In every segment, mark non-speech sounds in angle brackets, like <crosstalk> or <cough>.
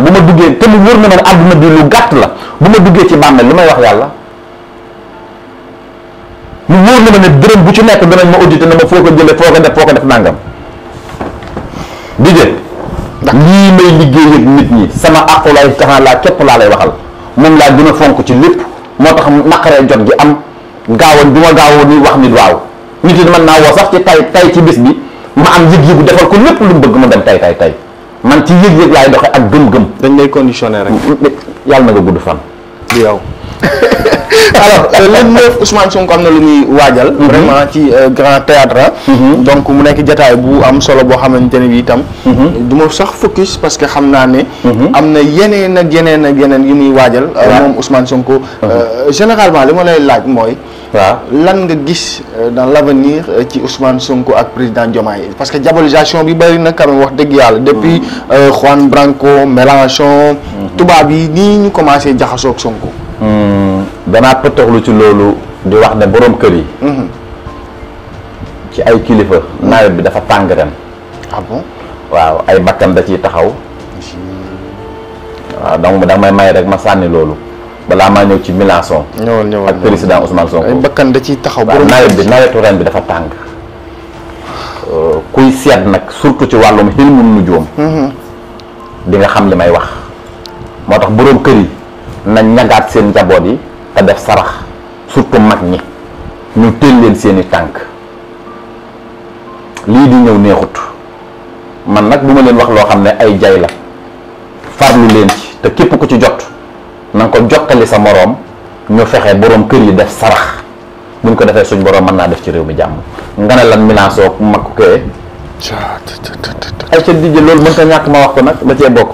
man bu ma duggee te mu wër na man àdduna bi lu gàtt la bu ma duggee ci bàmmeel li may wax yàlla mu wóor na ma ne dërëm bu ci nekk danañ ma audité na ma foo ko jëlee foo ko def foo ko def nangam di jël ndax lii may liggéey ak nit ñi sama aqulaay taxaa laa képp laa lay waxal moom laa gën a fonk ci lépp moo tax naqaree jot gi am gaawoon bi ma gaawoo ni wax nit waaw nit yi mën naa woo sax ci tay tay ci bis bi ma am yëg-yëgu defal ko lépp lu mu bëgg mu dem tay tay man ci yëg-yëg laay doxe ak gëm-gëm. dañ lay conditionné rek. yàlla na nga gudd fan. yow. <laughs> <laughs> alors euh, le 9 Ousmane Sonko am na lu muy waajal. Mhm. vraiment ci euh, grand théâtre mhm. donc mu nekk jataay bu am solo boo xamante ne bi itam. Mhm. du ma sax focus parce que xam naa ne. am na yeneen ak yeneen ak yeneen yu muy waajal. Euh, moom Ousmane Sonko. généralement li ma lay laaj mooy. waaw lan nga gis dans l' avenir ci Ousmane Sonko ak président yi parce que diabolisation bi bëri na quand wax dëgg yàlla. depuis Juan Branco Mélenchon. tubaab yi nii ñu commencé jaxasook ak Hmm. danaa pëtëxlu ci loolu di wax ne boroom kër yi. Mhm. ci ay kilifa nawet bi dafa tàng ren. ah waaw ay bakkan da ciy taxaw. waaw donc da may may rek ma sànni loolu balaa maa ñëw ci Mélenchon. ñëwal ñëwal ak président Ousmane Sonko. ay bakkan da ciy taxaw boroom nawet bi nawetu ren bi dafa tàng. kuy seet nag surtout ci wàllum xilmun nu joom mhm. di nga xam li may wax moo tax boroom kër yi. nañ ñagaat seen njaboot yi te def sarax surtout mag ñi ñu teel leen seeni tànk lii di ñëw neexut man nag bu ma leen wax loo xam ne ay jay la farlu leen ci te képp ku ci jot na nga ko jottali sa moroom ñu fexe boroom kër yi def sarax buñ ko defee suñ boroom mën naa def ci réew mi jàmm nga lan milaasoo mag kee ay ca dijj loolu mën ñàkk ma wax ko nag da cee bokk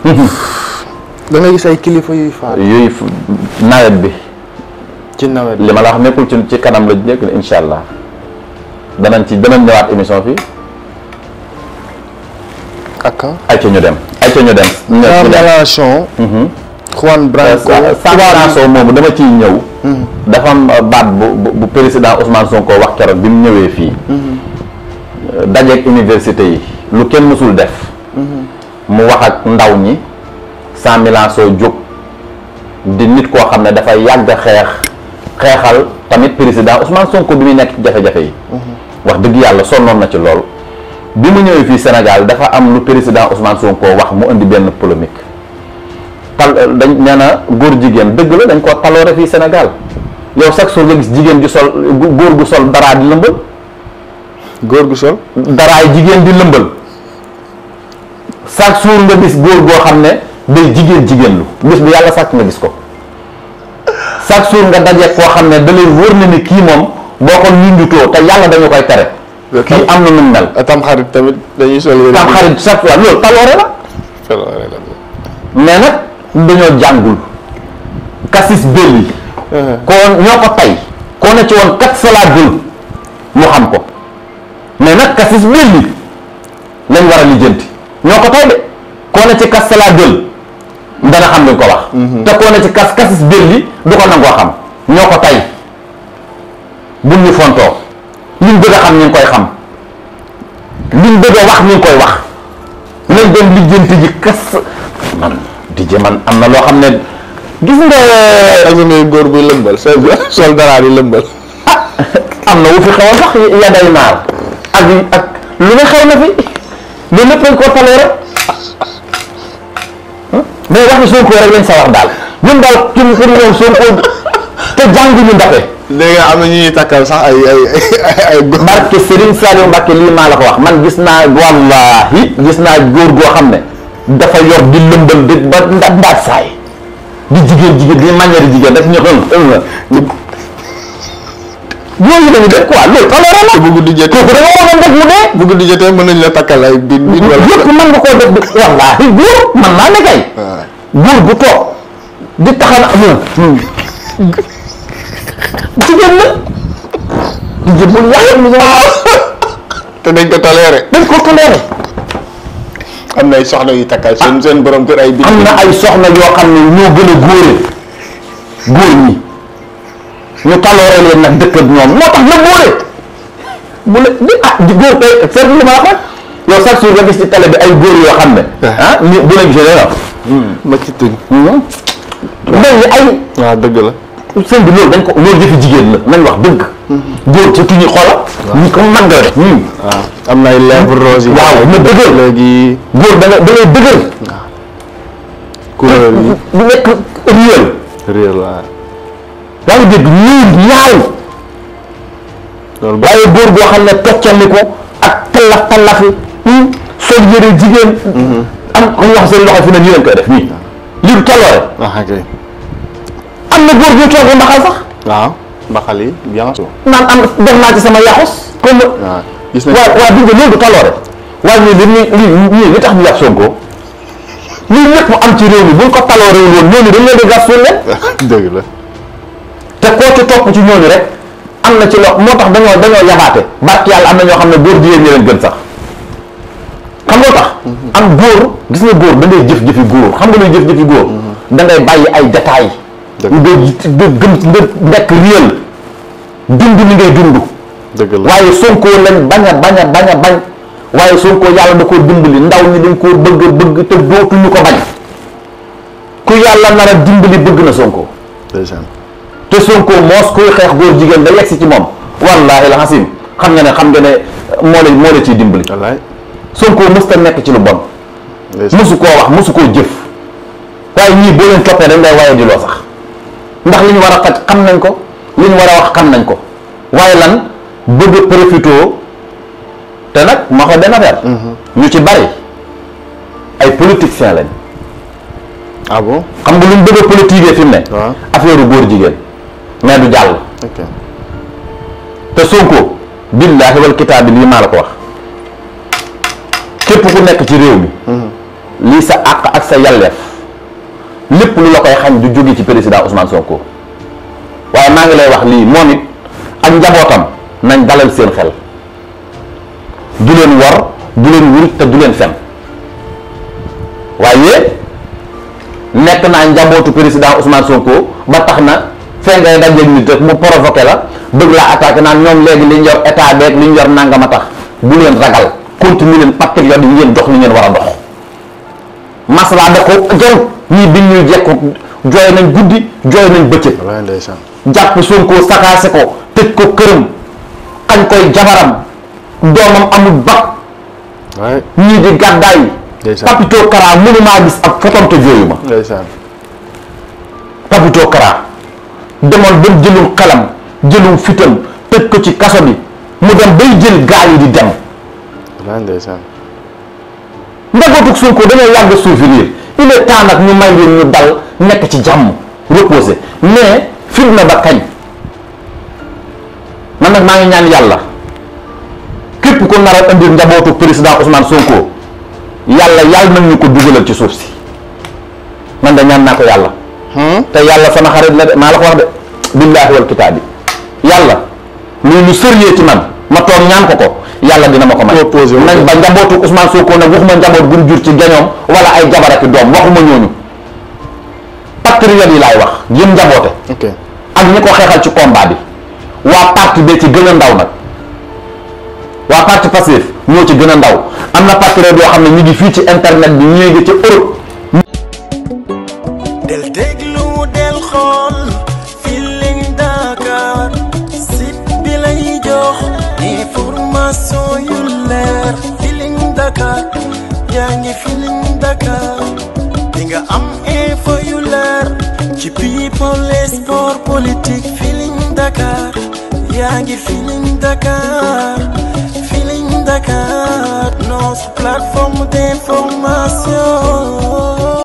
<laughs> da ngay gis ay kilifa yuy faatu. nawet bi. ci nawet bi li ma la wax nekkul ci ci kanam la nekk na incha allah danañ ci danañ ñëwaat émission fii. ak ah. ay ca ñu dem. ay ñu dem. ñu dem Mélenchon. Mhm. Juan Branco Juan Branco moomu dama ciy ñëw. Mhm. dafa am baat bu bu président Ousmane Sonko wax keroog bi mu ñëwee fii. Mhm. dajeeg université yi lu kenn mësul def. mu wax ak ndaw ñi. cent mille ans soo jóg di nit koo xam ne dafa yàgg xeex xeexal tamit président Ousmane Sonko bi muy nekk ci jafe-jafe yi. Mhm. wax dëgg yàlla sonnoon na ci lool. bi mu ñëwee fii senegal dafa am lu président Ousmane Sonko wax mu indi benn polémique tal dañ nee na góor jigéen dëgg la dañ koo taloore fii senegal yow chaque jour nga gis jigéen ju sol góor gu sol daraa di lëmbal. góor gu sol. dara jigéen di lëmbal chaque nga gis góor goo xam ne. day jigéen jigéen lu bis bu yàlla sàkk nga gis ko chaque jour nga daje koo xam ne da lay wóor na ni kii moom boo ko nindutoo te yàlla dañu koy tere. kii am na nu mu mel. Ah, tam xarit tamit dañuy sol yére tam xarit chaque fois loolu taloore la. taloore la mais dañoo jàngul. kasis bël yi. Uh-huh. koo ñoo ko tay koo ne ci woon kat salaa bël mu xam ko mais nag kasis bël yi lañ war a lijjanti ñoo ko tay de koo ne ci kat salaa bël dana xam li nga ko wax. Mhm. te koo ne ci kas kasis biir du ko nangoo xam ñoo ko tay buñ ñu fontoo liñ bëgg a xam ñu ngi koy xam liñ bëgg a wax ñu ngi koy wax nañ dem ji kas man am na loo xam ne gis nga. dañu góor buy lëmbal sol sol dara di lëmbal. ah am na wu fi xewoon sax ya day ak lu ne xew na fi mais lépp koo taloo rek. mais wax ni Sonko rek lañ sa wax daal ñun daal ci pour ñoom Sonko te jànguñu Mbappé. léegi am na ñuy takkal sax ay ay ay. Mbacké Serigne Saliou Mbacké lii maa la ko wax man gis naa wallaahi gis naa góor goo xam ne dafa yor di lëmbal di ba ndax saay di jigéen jigéen di manière jigéen rek ñu xam. yooyu lañu def quoi loolu alors la bu guddi jotee kooku nañ la takkal ay biir biir wala yëpp mën nga koo def wallaahi góor man naa ne kay ah. góor bu toog di taxan hmm. moom <laughs> te dañ ko toléré dañ ko toléré am na ay soxna yu takkal seen ah. seen borom kër ay yoo xam ne ñoo gën a góore góor ñu talooree leen nag dëkk ak ñoom moo tax nag boole bu ah la di bi ay góor yoo xam ne. ah, ah ñu bu la gisee dara. ma ci tuñ. Hmm. mel ni ay. waaw ah, dëgg la. sëñ bi dañ ko jigéen la nañ wax hmm. xoola. ñu ko mën nga def. waaw am na ay lèvres roses yi. waaw na dëgër léegi. góor da nga da ngay dëgër. kuréel yaa ngi dégg ñuul ñaaw. waaye góor goo xam ne toccali ko ak tallax tallax yi. Hmm, sol yére jigéen. Mm-hmm. am am wax seen loxo fi ne nii lañ koy def nii. lii du tolloore. Ah, am na góor bu toogee mbaxal sax. waaw ah, mbaxal yi bien sûr. naan am def naa ci sama yaxos. comme waaw ah, gis nañ waaw waaw dégg nga loolu du tolloore. waaye ñun dañ ñuy ñii ñii li tax ñu yàq Sonko. lii ñëpp mu am ci réew mi buñ ko taloo réew woon ñooñu dañ leen di gas suul leen. <laughs> dëgg la. te koo ci topp ci ñooñu rek am na ci lo moo tax dañoo dañoo yabaate bark yàlla am na ñoo xam ne góor jigéen ñi leen gën sax xam loo tax mhm. am góor gis nga góor da ngay jëf-jëfi góor xam nga luy jëf-jëfi góor mhm. da ngay bàyyi ay détails nga gëm nga nekk réel dund li ngay dund waaye Sonkoo lañ bañ a bañ a bañ a bañ waaye Sonkoo yàlla da koo dimbali ndaw ñi dañ koo bëgg bëgg te dootuñu ko bañ ku yàlla nar a dimbali bëgg na Sonkoo te Sonko moos kuy xeex góor jigéen da yegsi ci moom wallaahi la xasim xam nga ne xam nga ne moo la moo la ciy dimbali. wallaay Sonko mës ta nekk ci lu bon. mosu koo wax mosu koo jëf. waaye ñii boo leen toppee dañ lay waaye di loo sax ndax li ñu war a faj xam nañ ko li ñu war a wax xam nañ ko waaye lan bëgg profité te nag ma mhm. ñu ci bari ay politiciens lañ. ah xam nga lu ñu bëgg a politiquer fi mu ne. affaire góor jigéen. mais du jàll. te Sonko billaahi wal kitaab bi lii maa la ko wax képp ku nekk ci réew mi. Mm-hmm. lii sa àq ak sa yàlleef lépp lu la koy xañ du jóge ci président Ousmane Sonko waaye maa ngi lay wax lii moo it ak njabootam nañ dalal seen xel du leen wor du leen wur te du leen fen waaye nekk naa njabootu président Ousmane Sonko ba tax na. fee ngay dajeeg nit rek mu provoqué bëgg laa attaqué naan ñoom léegi li yor état beeg li yor nangam a tax bu leen ragal continue leen patriote yi ngeen a dox maslaa da ko jarut ñii bi koy jabaram doomam amul bag ñii di gàddaay papito kara mënumaa gis ab fotonte jooyu ma papito kara demoon ba jëlum xelam jëlum fitam tëj ko ci kaso bi mu dem bay jël gaal yi di dem. waaw ndeysaan. njabootu Sonko dañoo yàgg souffrir il est temps nag ñu may leen ñu dal nekk ci jàmm reposer mais fitna ba kañ man nag maa ngi ñaan yàlla képp ko nar a indi njabootu président Ousmane Sonko yàlla yàlla nañ ñu ko dugalal ci suuf si man da ñaan naa yàlla. Hmm? te yàlla sama xarit la de maa la ko wax de billaahi wal yàlla luy lu sérieux ci man ma toog ñaan ko ko yàlla dina ma ko may nañ ba njabootu Ousmane Sonko nag waxuma njaboot bu jur ci gañoom wala ay jabar ak doom waxuma ñooñu patriote yi laay wax yëm njaboote ak ñi ko xeexal ci combat bi waa parti bee ci gën a ndaw nag waa parti Pastef ñoo ci gën a ndaw am na patriote yoo xam ne ñu ngi fii ci internet bi ñëwee ci Europe information yu yaa ngi Feeling Dakar di nga am info yu leer ci people et sport politique Feeling yaa ngi Feeling Dakar Feeling Dakar nos plateforme d'information